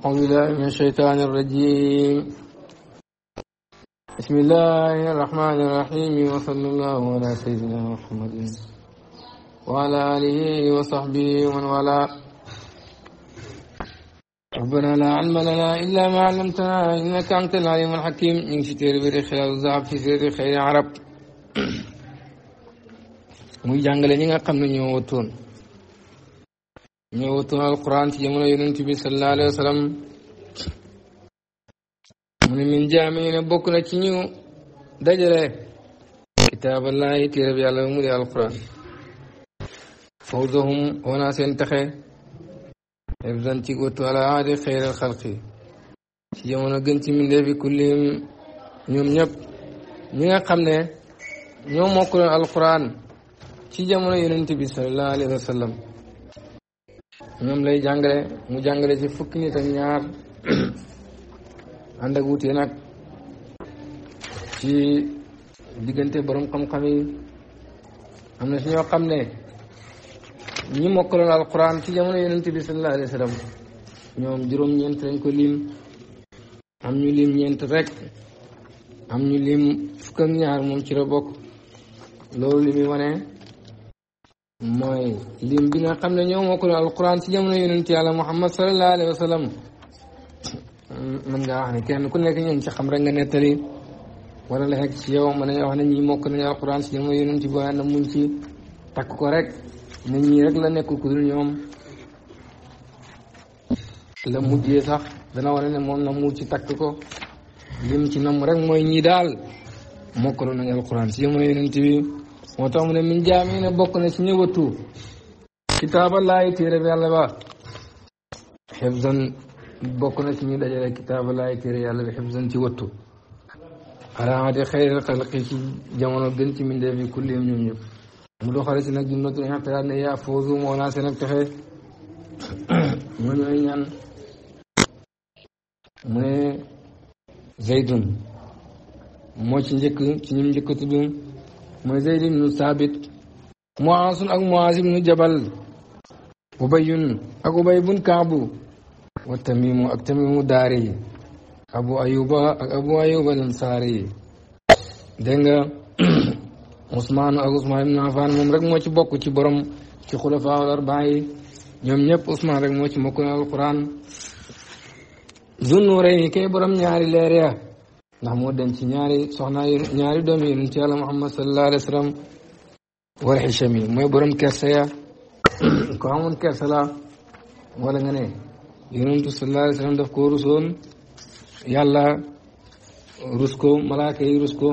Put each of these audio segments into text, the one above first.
أعوذ بالله من الشيطان الرجيم بسم الله الرحمن الرحيم وصلى الله على سيدنا محمد وعلى آله وصحبه ومن والاه ربنا لا علم لنا إلا ما علمتنا إنك أنت العليم الحكيم من شتير بري خلال الزعب في سير خير عرب muy لنا قمنا nga ñëwatoon alquran ci jamono ci bi sallallahu alayhi wa sallam mu ne min jaami bokk na ci ñu dajale kitaaballahi téereb yàlla mu di alquran fawzahum wana seen taxe ebsan ci wattu ala aadi xeyral xalqi ci jamono gën ci mbindeef yi kullihim ñoom ñëpp ñi nga xam ne ñoo mokkuloon alquran ci jamono yonent bi sallallahu alayhi wa sallam ñoom lay jàngale mu jàngale ci fukki nit ak ñaar ànd ak wuute nag ci diggante borom xam-xam yi am na si ñoo xam ne ñi mokkaloon alquran ci jamono yonent bi sallallahu alayhi wa ñoom juróom-ñeent ko lim am ñu lim ñeent rek am ñu lim fukk ak ñaar moom ci la loolu li mooy lim bi nga xam ne ñoo mokkul alquran ci jamono yonent yàlla muhammad sallallahu alayhi wa sallam mën ngaa wax kenn ku nekk ñoom ci xam rek nga nettali wala la xekk ci yow mën nañoo wax ne ñii ci jamono na muñ ci takk ko rek ne ñi rek la nekkul ku dul ñoom la mujjee sax dana war a ne moom na ci takk ko lim ci nam rek mooy ñii daal mokkaloon nañu alquran ci jamono yonent bi moo tax mu ne min jaami bokk na ci ñëwatu kitaaba laay téere yàlla ba xifzan bokk na ci ñu dajale kitaaba laay téere yàlla bi xifzan ci wattu alaamati xayril xalqi ci jamono gën ci mindee fi kulliim ñoom ñëpp mu doxale ci nag jumlatul inqiyaad ne yaa fawzu moo naa seen ak texe ñoo ñooy ñan mu ne zaydun moo ci njëkk ci ñim njëkk mooy Zayd ibnu Saabit Muaas ak Muaas ibnu Jabal Ubayun ak Ubay bun Kaabu wa Tamimu ak Tamimu Daari Abu Ayuba Abu Ayuba Lansaari dégg nga ak Ousmane ibnu Affan moom rek moo ci bokk ci borom ci xulafaa al arbaa ñoom ñëpp Ousmane rek moo ci mokkul alquran Zunnuurayni kay borom ñaari leer ndax moo dem ci ñaari soxnaa yi ñaari doom yi yonent yàlla Muhammad sallallahu alayhi wa sallam warxi chami mooy borom kersa ya ko amoon kersa la wala nga ne daf ko rusoon yàlla rus ko malaaka yi rus ko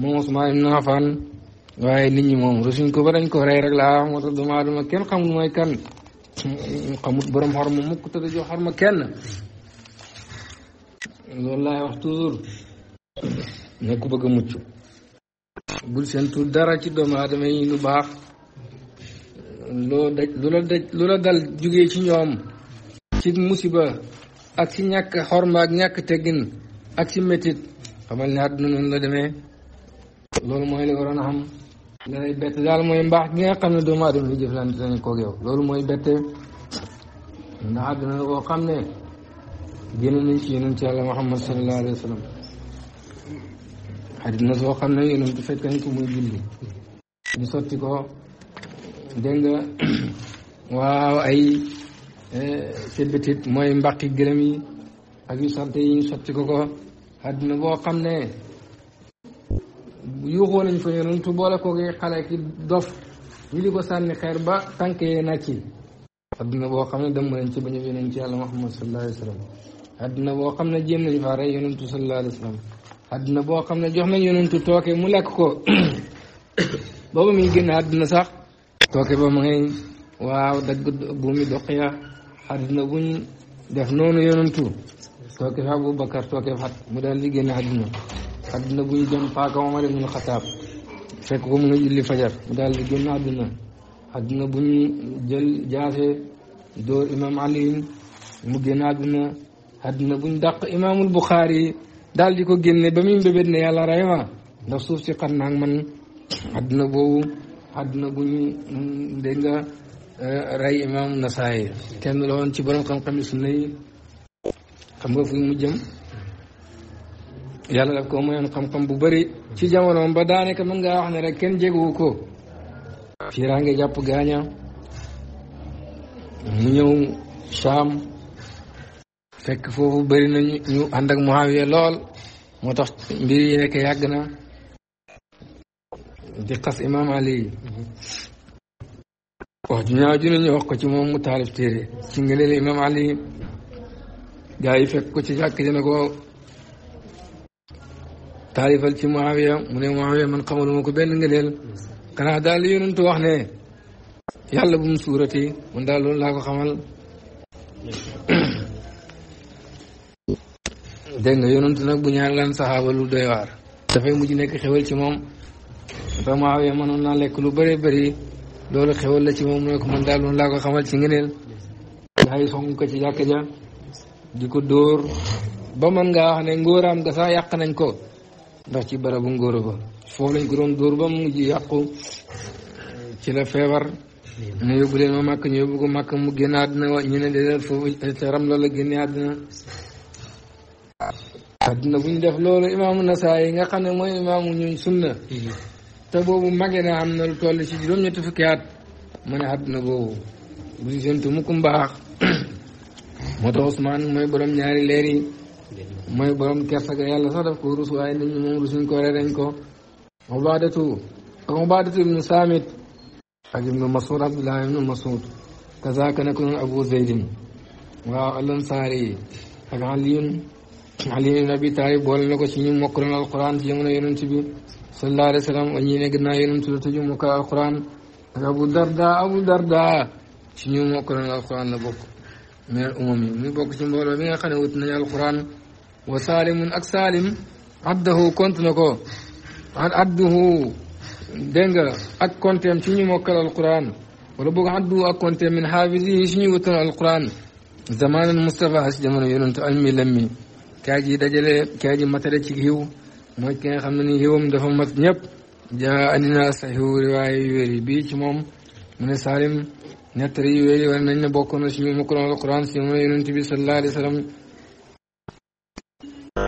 moom Usmaan waaye nit ñi moom rusuñ ko ba ko rey rek laa moo tax doomu aadama kenn xamul mooy kan xamut borom xorma mukk te da jox xorma kenn loolu laay ne ku bëgg mucc bul seentu dara ci doomu aadama yi lu baax loo daj lu la dal jugee ci ñoom ci musiba ak ci ñàkk xorma ak ñàkk teggin ak ci métit xamal ne àdduna noonu la demee loolu mooy li waroon a xam la lay bett mbaax gi nga xam ne doomu aadama yi jëflante nañ koog yow loolu mooy bette ndax àdduna la boo xam ne génn nañ ci yonent yàlla Muhammad sallallahu alayhi wa sallam xadis na soo xam ne yonent bi fekk nañ ko muy julli ñu sotti ko dégg nga waaw ay eh, sébétit mooy mbaqi gërëm yi ak yu salte yi ñu sotti ko ko xadis boo xam ne yuuxoo nañ fa yonentu boole ko gi xale ki dof ñu di ko sànni xeer ba tànk yee nàcc yi adduna boo xam ne dem nañ ci ba ñëwee nañ ci yàlla Muhammad sallallahu alayhi wa sallam boo xam ne jéem nañ faa rey yonentu sallallahu alayhi wa àdduna boo xam ne jox nañ yonentu tooke mu lekk ko booba muy génn àdduna sax tooke ba ma ngay waaw dagg buumi doqiya àdduna buñ def noonu yonentu tooke fa Abu Bakar tooke fa mu daal di génn àdduna àdduna buñ jëm paaka Omar ibn Xataab fekk ko mu nga julli fajar mu daal di génn àdduna àdduna buñ jaase dóor imam Ali mu génn àdduna àdduna buñ dàq imaamul Buxaari daal di ko génne ba muy mbébét ne yàlla rey ma ndax suuf si xat naag man àdduna bu ñu dégg eh, kenn la ci borom xam-xam yi sunna yi xam mu jëm yaa daf ko mayoon xam-xam bu bari ci jamonoom ba daanaka man ngaa wax ne rek kenn jéguwu ko fiiraange jàpp gaaña mu ñëw Saam fekk foofu bëri na ñu ànd ak lool moo tax mbir yi nekk yàgg na di xas imaam Ali wax ju ñaaw ne ñu wax ko ci moom mu taalif téere ci ngëneel imaam Ali gaa yi fekk ko ci jàkk ji ne ko taalifal ci Muawiya mu ne Muawiya man xamaluma ko benn ngëneel xanaa daal li yonentu wax ne yàlla bu mu suurati man daal loolu laa ko xamal dégg nga yonent nag bu ñaan lan saxaaba lu doy waar dafay mujj nekk xewal ci moom sax Muawiya mënoon naa lekk lu bëree bëri loolu xewal la ci moom mu ne ko man daal loolu laa ko xamal ci ngeneel gaa yi song ko ci jàkka ja di ko dóor ba mën ngaa ne ngóoraam nga sax yàq nañ ko ndax ci barabu ngóora ba foofu lañ ko doon dóor ba mu mujj yàqu ci la feebar ne yóbbu leen ma màkk ñu yóbbu ko màkk mu génn àddina ñu ne déedéet foofu ca ram la génne àddina adduna bu ñu def loolu imaamu nasaa yi nga xam ne mooy imaamu ñun sunna mhm. te boobu mage na am na lu toll ci juróom-ñetti fukki at mu ne adduna boobu bu ñu séntu mukk moo tax Ousmane mooy borom ñaari leer yi mooy borom kersa ga yàlla sax daf ko rus waaye nit ñi moom rusuñ ko rereñ ko Ubaadatu ak Ubaadatu ibnu Saamit ak ibnu Mas'ud Abdullah ibnu Mas'ud kazaaka nag noonu Abu Zaydin waaw al-Ansaari yi ak Aliyun Ali ibn Abi Talib boole na ko ci ñu mokkaloon alquran ci jamono yonent bi sallallahu alayhi wa sallam ñii ne gannaaw yonent bi te ñu mokkal alquran ak Abu Darda Abu Darda ci ñu mokkaloon alquran la bokk minal umam yi muy bokk ci mbooloo mi nga xam ne wut nañu alquran wa saalimun ak saalim addahu kont na ko adduhu dégg nga ak konteem ci ñu mokkal alquran wala boog adduhu ak konteem min xaafis yi ci ñu wutoon alquran zamanan Mustafa ci jamono yonent almi lammi كاجي دجلة كاجي مثلا تجيو ما كان خمني هيوم دفهم مثنيب جا أننا سهيو رواي يوري بيش مم من سالم نتري يوري ونن بوكونا سيو مقرون القرآن سيو مرين تبي صلى الله عليه وسلم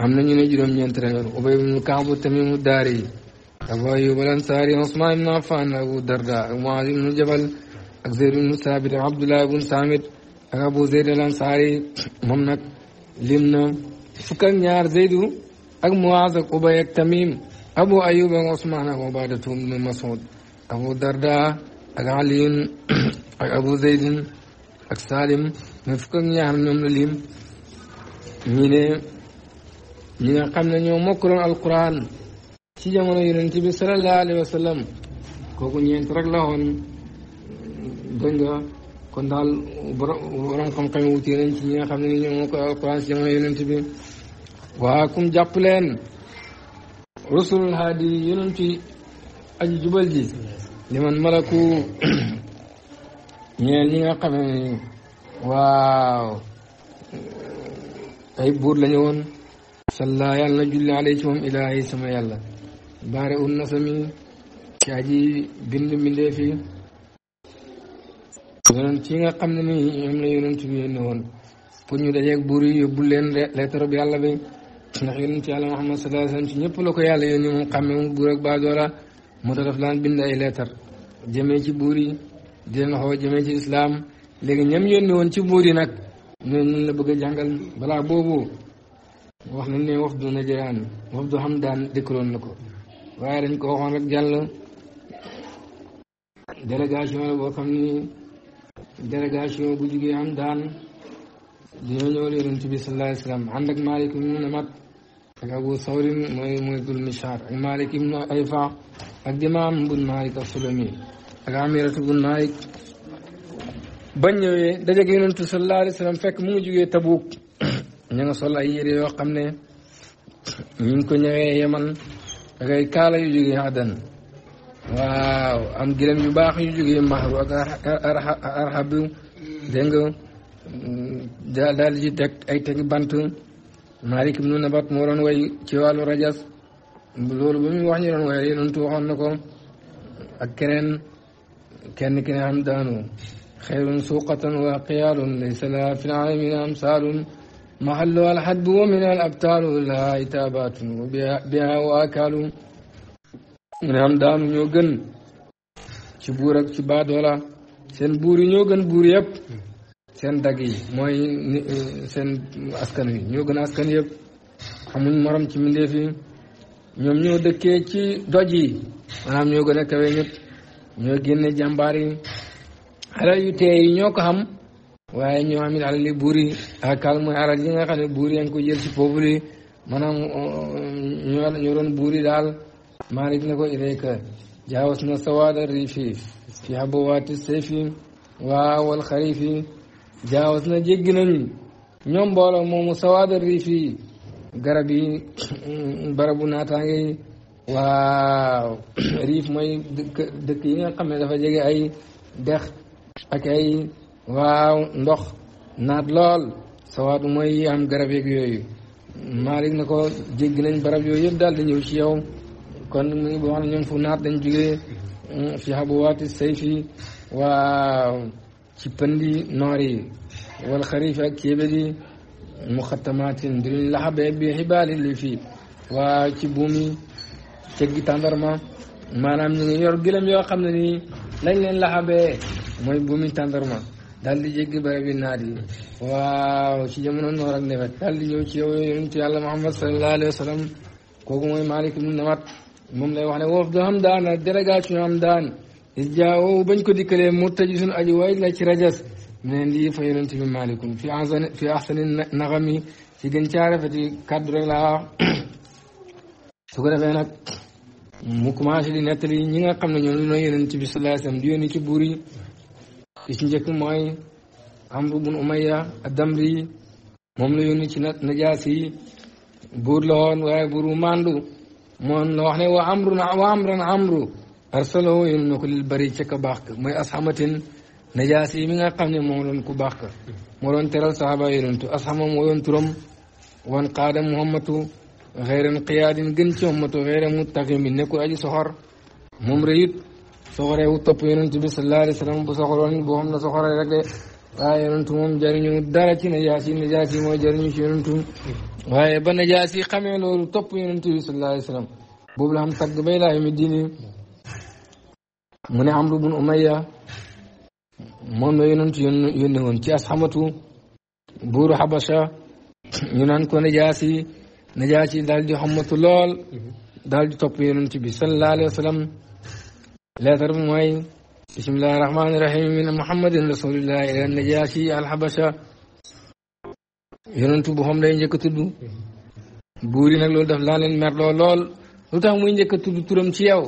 خمني نجي نجرم ينتري أبي من كعب تميم داري أبو أيوب الأنصاري عثمان بن عفان أبو الدرداء معاذ بن جبل أكزير بن ثابت عبد الله بن سامر أبو زيد الأنصاري ممنك لمنا fukk ak ñaar zeydu ak muaz ak ubay ak tamim abu ayub ak osman ak ubadatu ibnu masud abu darda ak aliyun ak abu zeydin ak salim mais fukk ak ñaar ñoom la lim ñi ne ñi nga xam ne ñoo mokkaloon alquran ci jamono yonent bi sallallahu alayhi wa sallam kooku ñeent rek la woon dégg nga kon daal borom xam-xam wuti nañ ci ñi nga xam ne ñoo mokkaloon alquran ci jamono yonent bi waa kum jàpp leen rusulul haadi yonent yi aji jubal ji li man malaku ñeen ñi nga xame ni waaw ay buur la ñu woon salla yàlla na julli alay ilaahi sama yàlla baare un nasami ci aji bind mbindee fi yonent yi nga xam na ni ñoom la yonent bi yónni woon pour ñu dajeeg buur yi yóbbu leen leetarob yàlla bi ndax yonent yàlla Muhammad sallallahu alayhi wasallam ci ñëpp la ko yàlla yónni moom xàmme moom buur ak baadoola moo tax laa laan bind ay leetar jëmee ci buur yi di leen xoo jëmee ci islaam léegi ñam yónni woon ci buur yi nag ñooñu la bëgg a jàngal balaa boobu wax nañ ne wafdu Najraan wafdu Hamdaan dëkkaloon na ko waaye dañ ko waxoon rek jàll délégation la boo xam ni délégation bu jugee Hamdaan dañoo ñëwal yonent bi sallallahu alayhi wa sallam ànd ak Malik ibnu Namat ak Abu Sawrin mooy mooy dul Mishar ibnu Ayfa ak Dimaam bun Malik as-Sulami ak bun Malik bañ ñëwee dajeeg yonentu sallallahu alayhi wa sallam fekk mu ngi jugee Tabuk ña sol ay yére yoo xam ne ñu ngi ko ñëwee Yaman ak ay kaala yu jugee Adan waaw am gilem yu baax yu jugee Mahru ak Arhabu dégg nga daal daal di teg ay teg bant Maalik ibnu Nabat moo way ci wàllu rajas loolu ba muy wax ñu way yonent waxoon na ko ak keneen kenn ki ne xam daanu xayrun suuqatan wa qiyaalun laysa laha fi laalamina amsaalun mahallu alxadbu wa min al abtaalu laha itaabaatun wa biha daanu ñoo ci buur ci baadoola seen buur yi ñoo gën buur yëpp seen dagg yi mooy eh, seen askan wi ñoo gën a askan yëpp amuñ morom ci mbindeef ñoom ñoo dëkkee ci doj yi maanaam ñoo gën a kawe ñëpp ñoo génne jàmbaar yi alal yu tee yi ñoo ko xam waaye ñoo amit alal yi buur yi akal mooy yi nga xam ne buur ko jël ci peuple yi maanaam eh, ñoo ñoo doon buur yi daal Malik ne ko ilayka jaawas na sawaada riifi fi habawaati sayfi waa wal xarifi jaawas na jéggi nañu ñoom mbooloo moomu sawaada riif yi garab yi barabu naataange yi waaw riif mooy dëkk dëkk yi nga xam ne dafa jege ay dex ak ay waaw ndox naat lool sawaadu mooy am garab yeeg yooyu Malick na ko jéggi nañ barab yooyu yëpp daal di ñëw ci yow kon mu ngi ñoom fu naat dañ jugee mm, fi xabu waati sayfi waaw كيبندي ناري والخريف كيبدي مختمات درين لحبة بحبال اللي في وكيبومي تجي تندرما ما نام نيجي يرجلم يا خم لين لين لحبة ما يبومي تندرما دال دي جيجي بره بي ناري واو شي جمنون نورك نبت دال دي جو چيو انتو يالله محمد صلى الله عليه وسلم كوكو مي مالك من نمت مملي وحنا وفدهم دانا درقات شو هم دانا jaawo bañ ko dikkalee murtajisun aji waay la ci rajas mu ne lii fa yonent bi maalikun fi ahsani fi ahsani naxami ci gën rek laa wax su mu commencé di nettali ñi nga xam ne ñoom ñooy yonent bi sallallahu alayhi wasallam ci buur yi li ci njëkk mooy Amru bun Umayya ad moom la yónni ci Najaasi yi la woon waaye buur bu màndu moom la wax ne wa amrun wa amru arsaloo yónni na ko lil bari ca ka baax ka mooy asxamatin najaas yi mi nga xam ne moo doon ku baax ka moo doon teral saxaaba yonentu asxama moo doon turam wan qaada muhammadu xeyran xiyaadin gën ci muhammadu xeyra muttaqimin nekkul aji soxor moom reyut soxoree wu topp yonentu bi sallallahu alayhi wa sallam bu soxoroon boo xam ne soxoree rek de waaye yonentu moom jariñu dara ci najaas yi najaas yi mooy jariñu ci yonentu waaye ba najaas yi xamee loolu topp yonentu bi sallallahu alayhi wa sallam boobu la xam tagg bay laa mi mu ne Amru bun Umayya moom la yonentu yónni woon ci asxamatu buuru Xabasha ñu naan ko Najaasi Najaasi daal di lool daal di topp yonent bi sallallahu alayhi wa sallam leetar bi mooy bismillahi rahmaani rahim min muhammadin rasulillah ila Najaasi alxabasha yonentu bu xam day njëkk a tudd buur yi nag loolu daf laa leen merloo lool lu tax muy njëkk a tudd turam ci yow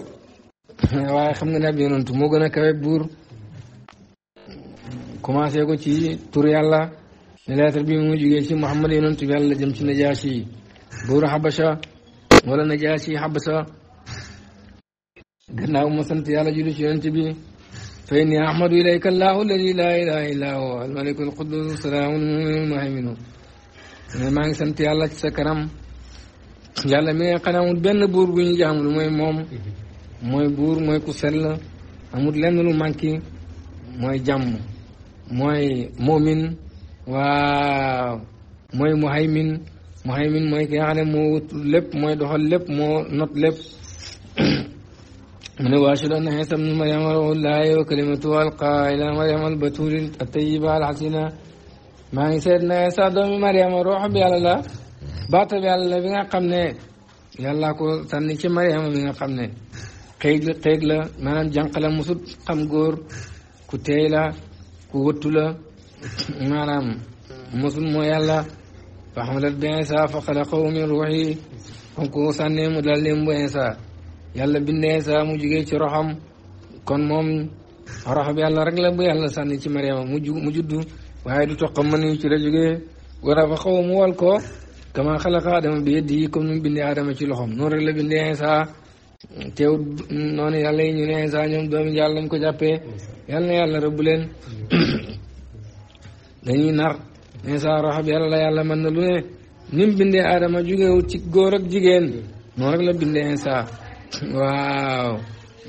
waaye xam nga ne ab yonantu moo a kawe buur commencé ko ci tur yàlla ne bi mu jugee ci Muhammad yonantu bi yàlla jëm ci Najaasi buuru Habasha wala Najaasi Habasha gannaaw ma sant yàlla julli ci bi fa inni ahmadu ilayka allahu alladi laa ilaha maa ngi sant yàlla ci sa kanam yàlla mi nga xanamul benn buur bu jaamu lu mooy moom mooy buur mooy ku sell amul lenn lu manqué mooy jàmm mooy moomin waaw mooy muhaymin muhaymin mooy ki nga xam ne moo wut lépp mooy doxal lépp moo not lépp mu ne wa ashhadu anna Iisa bna Maryama ruuhullaahi wa kalimatuhu alqaahaa ilaa Maryama al-batuula at-tayyiba al-hasiina maa ngi seet na Iisa doomi Maryama ruux bi yàlla la baata bi yàlla la bi nga xam ne yàlla ko tànn ci Maryama bi nga xam ne xëyg la maanaam jànq la musut xam góor ku teey la ku wëttu la maanaam musul moo yàlla fa xamalat bi insa fa xalaqahu min ruuxi kon ko sànnee mu dal leen bu insa yàlla bind insa mu jugee ci roxam kon moom roxam yàlla rek la bu yàlla sànni ci mariama mu mu juddu waaye du toqam mën ñu ci la jógee wara fa xaw mu wal ko kama adama bi yeddi yi mu bindee adama ci loxom noonu rek la bindee insa teew noonu yàlla yi ñu ne Iisaa ñoom doomi yàlla lañ ko jàppee yàlla na yàlla rëbb leen yàlla la na lu ne ni mu bindee Adama jugewut ci góor ak jigéen noonu rek la bindee Iisaa waaw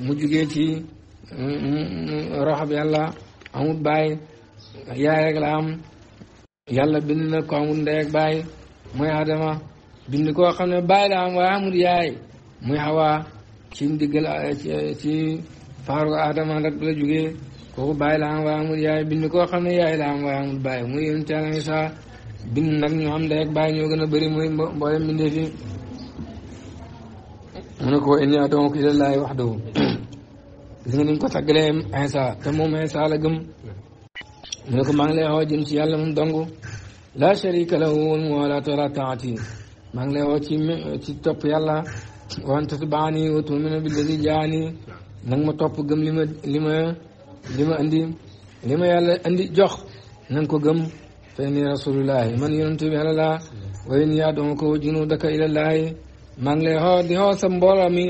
mu jugee ci raxab yàlla amut baay yaay rek la am yàlla bind na ko amul ndey baay mooy Adama bind koo xam ne baay la am waaye amul yaay muy Hawa ci ndiggal ci faaru aadama rek la jógee kooku bàyyi la am waaye amul yaay bind koo xam ne yaay la am waaye amul muy yéen ci àll ñu gën a bëri muy mboolem bindee fi mu ne ko inni ad'uuka ilaa llaahi wahdahu gis nga ni ko tàggalee Iisaa gëm mu ne ko maa ngi lay woo jëm ci yàlla moom dong laa sharika lahu wal muwaalaatu alaa taa'atihi ci topp yàlla waan tatbaani wa tumina billadi jaani nang ma topp gëm li ma li ma li ma andi li ma yàlla andi jox nang ko gëm fa inni rasulullahi man yonent bi yàlla laa wa in yaaduma ko junudaka ilallahi maa ngi lay xoo di xoo sa mbooloo mi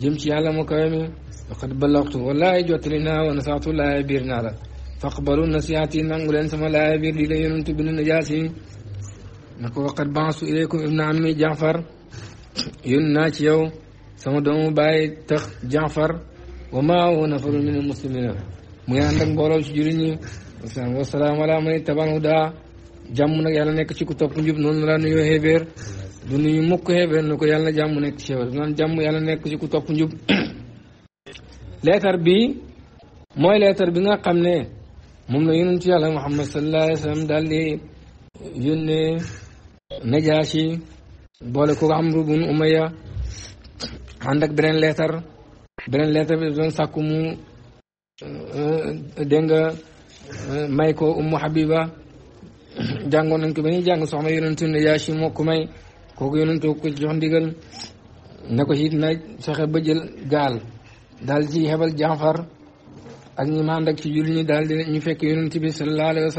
jëm ci yàlla mu kawe mi faqad balaxtu wallahi jottali naa wa nasaatu laaya biir naa la faqbalu nasihaati nangu leen sama laaya biir lii la yonent bi Najaasi na ko waqad baasu ilaykum ibna ammi Jaafar yónni naa ci yow sama doomu bàyyi tax Jaafar wa maahu nafaru min almuslimina muy ànd mbooloo ci jullit ñi wasalaam ala daa jàmm nag nekk ci ku topp njub noonu laa nuyoo xeebeer du nuyu mukk xeebeer na ko yàlla jàmm nekk ci jàmm yàlla nekk ci ku topp njub leetar bi mooy leetar bi nga xam ne moom la yonentu yàlla Muhammad sallallahu alayhi wa sallam daal di yónnee Najaashi boole ko Amru bun Umayya ànd ak beneen leetar beneen leetar bi doon sàkku eh, nga eh, may ko Ummu Habiba jàngoon nañ ko ba ñuy jàng soxna yonentu ne yaa si moo ko may kooku yonentu ko jox ndigal ne ko siit nag fexe ba jël gaal daal ci xebal janfar ak ñi ma ànd ak ci jul ñi daal di ñu fekk yonent bi sallallahu alayhi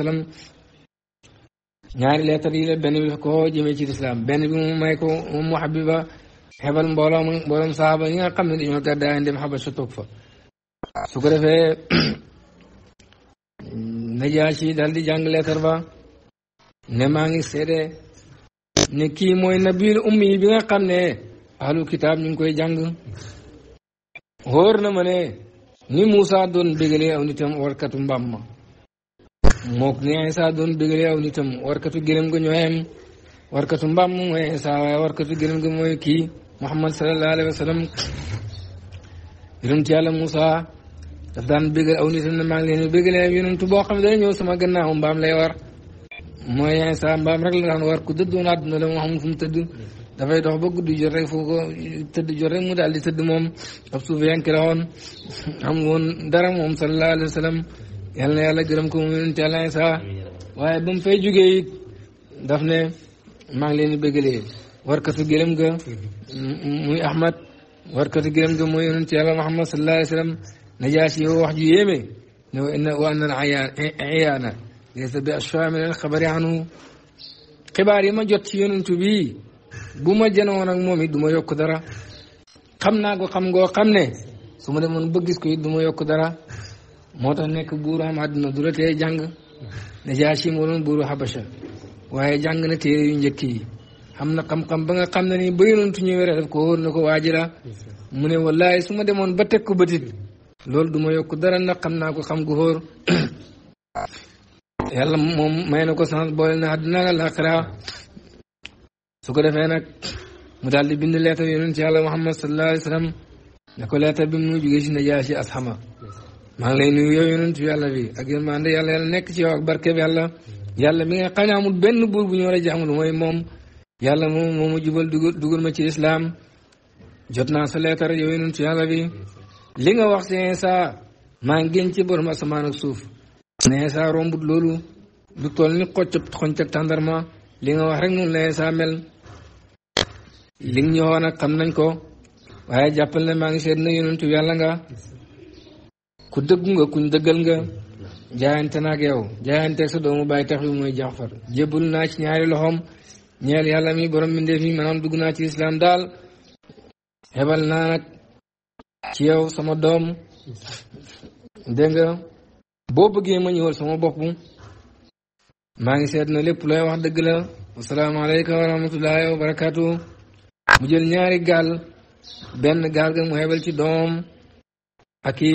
ñaari leetar yi la benn bi ko jëmee ci lislaam benn bi mu may ko moom mu xabiba xebal mbooloom mbooloom saxaaba yi nga xam ne dañoo gàddaay dem xabasa toog fa su ko defee najaasi daal di jàng leetar ba ne maa ngi seede ne kii mooy nabil ummi bi nga xam ne ahlu kitaab ñu ngi koy jàng wóor na ma ne ni Moussa doon bégalee aw nitam warkatu moo ko ni Iisaa doon bégalee aw nitam warkatu gëlëm nga ñoo yem warkatu mbaam moom mooy Iisaa waaye warkatu gëlëm nga mooy kii Muhammad sallallahu alayhi wa sallam yonent yàlla Moussa daf daan bégal aw nitam ne maa ngi leen di bégalee yonentu boo xam ne day ñëw sama gannaaw mbaam lay war mooy Iisaa mbaam rek la daan war ku dëddoon àdduna mu tëdd dox ba guddi tëdd mu daal di tëdd moom ab dara moom sallallahu alayhi wa yal na yàlla gërëm ko moom yonent waaye ba mu fay jógee it daf ne maa ngi leen di bëggalee warkatu gërëm ga muy Ahmad warkatu gërëm ga mooy yonent yàlla Muhammad sallallahu alayhi wa wax ju yéeme ne wa ayaana laysa bi ashfa min alxabari anhu xibaar yi ma jot ci yonent bi bu ma jënoon ak moom it du ma yokk dara xam naa ko xam ngoo xam ne su ma demoon ba gis ko it du ma dara moo tax nekk buuru am àdduna du la tee jàng Najaasi moo buuru Habasha waaye jàng na téere yu njëkk yi xam na xam-xam ba nga xam na ni ba yonantu ñëwee rek ko wóor na ko waajira mu ne wallaay su ma demoon ba teg ko bëtit loolu du yokk dara nag xam naa ko xam gu xóor yàlla moom may na ko sans boole na àdduna ak àllaaxira ko defee nag mu daal di bind leetar yonent ci yàlla Muhammad sallallahu alayhi wa ko leetar bi mu jógee si Najaasi asxama maa ngi lay nuyu yàlla bi ak yàlla yàlla nekk ci yow ak barke bi yàlla mi nga xam amul benn buur bu ñu war a jaamu moom yàlla moom moo ma jubal dugal dugal ma ci islaam jot naa sa leetar yow yonentu yàlla bi li nga wax si maa ngi génn ci borom asamaan suuf ne Insa rombut loolu du toll ni xocc xonc ak tàndarma li nga wax rek noonu la Insa mel li nga ñëwoon ak xam nañ ko waaye jàppal ne maa ngi seet na yonentu yàlla nga ku dëggu nga kuñ dëggal nga jaayante naag yow jaayante sa doomu bàyyi tax yu mooy jaxfar jébbal naa ci ñaari loxoom ñeel yàlla mi borom mbindeef yi maanaam dugg naa ci lislaam daal xebal naa nag ci yow sama doom dégg nga boo bëggee ma ñëwal sama bopp maa ngi seet na lépp looy wax dëgg la asalaamaaleykum wa rahmatullahi wa barakaatu mu jël ñaari gaal benn gaal ga mu xebal ci doom ak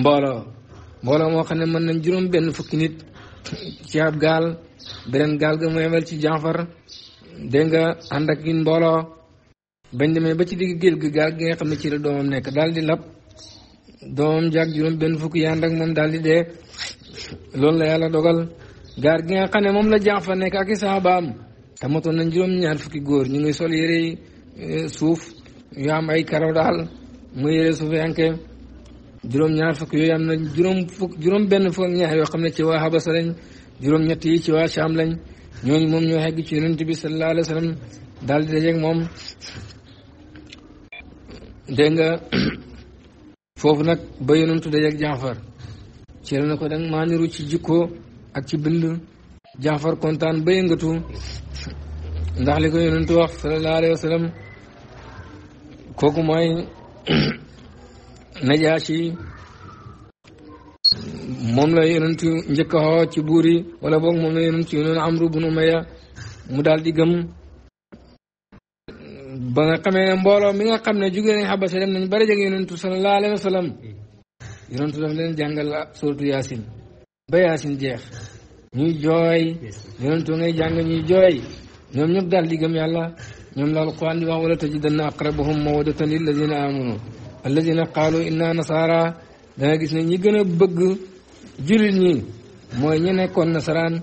mbooloo mbooloo moo xam ne mën nañ juróom benn fukki nit ci ab gaal beneen gaal ga mu yemel ci janfar dégg nga ànd ak mbooloo bañ demee ba ci digg géej gi gaal gi nga xam ne ci la doomam nekk daal di lab doomam jaag juróom benn fukki yi ànd ak moom daal di dee loolu la yàlla dogal gaal gi nga xam ne moom la janfar nekk ak i saabaam te motoon nañ juróom ñaar fukki góor ñu ngi sol yére eh, suuf yu am ay karaw daal muy yére suuf yanke juróom-ñaar fukk yooyu am na juróom fukk juróom-benn fukk ak ñaar yoo xam ne ci waa Habasa lañ juróom-ñett yi ci waa Sham lañ ñooñu moom ñoo xegg ci yonent bi sallallahu alayhi di dajeeg moom. foofu nag ba yonentu dajeeg na ko danga maa ci jikko ak ci bind Jaafar kontaan ba yëngatu ndax li ko yonentu wax kooku mooy. najaasi moom la yonentu njëkk a xoo ci buur yi wala boog moom la yonentu yoneen amru bunu maya mu daal di gëm ba nga xamee mbooloo mi nga xam ne jugee nañ xabasa dem nañ bari jeg yonentu sallallahu alayhi wa sallam yonentu daf ba yaasin jeex ñuy jooy yonentu ngay jàng ñuy jooy ñoom ñëpp daal di gëm yàlla ñoom la alquran di wax wala tajidanna aqrabahum mawaddatan lilladina amanu alladina qaalu inna nasaara gis ne ñi gën bëgg jullit ñi nekkoon nasaraan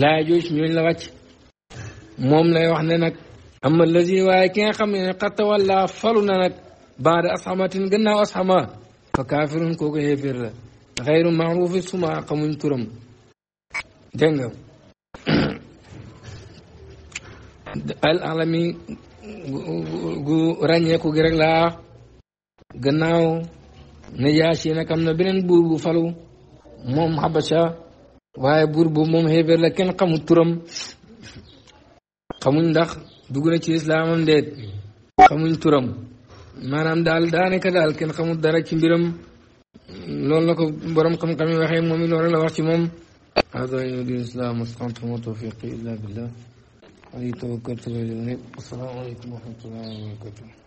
laa la wàcc lay wax ne nag ama lazi ki nga xam ne ne xatta walla falu na nag baada asxamatin gannaaw asxama fa kaafirun kooku xéeféer la xayru maarufi suma xamuñ turam dégg gu ràññeeku gi rek laa gannaaw Najaasi nag am na beneen buur bu falu moom Habasha waaye buur bu moom xeefeer la kenn xamu turam xamuñ ndax dugg na ci islaamam déet xamuñ turam maanaam daal daanaka daal kenn xamul dara ci mbiram loolu la ko borom xam-xam yi waxee moom it loolu rek la wax ci moom. هذا يريد الإسلام واستقامت وما توفيقي إلا عليه توكلت وإليه أنيب السلام عليكم ورحمة الله وبركاته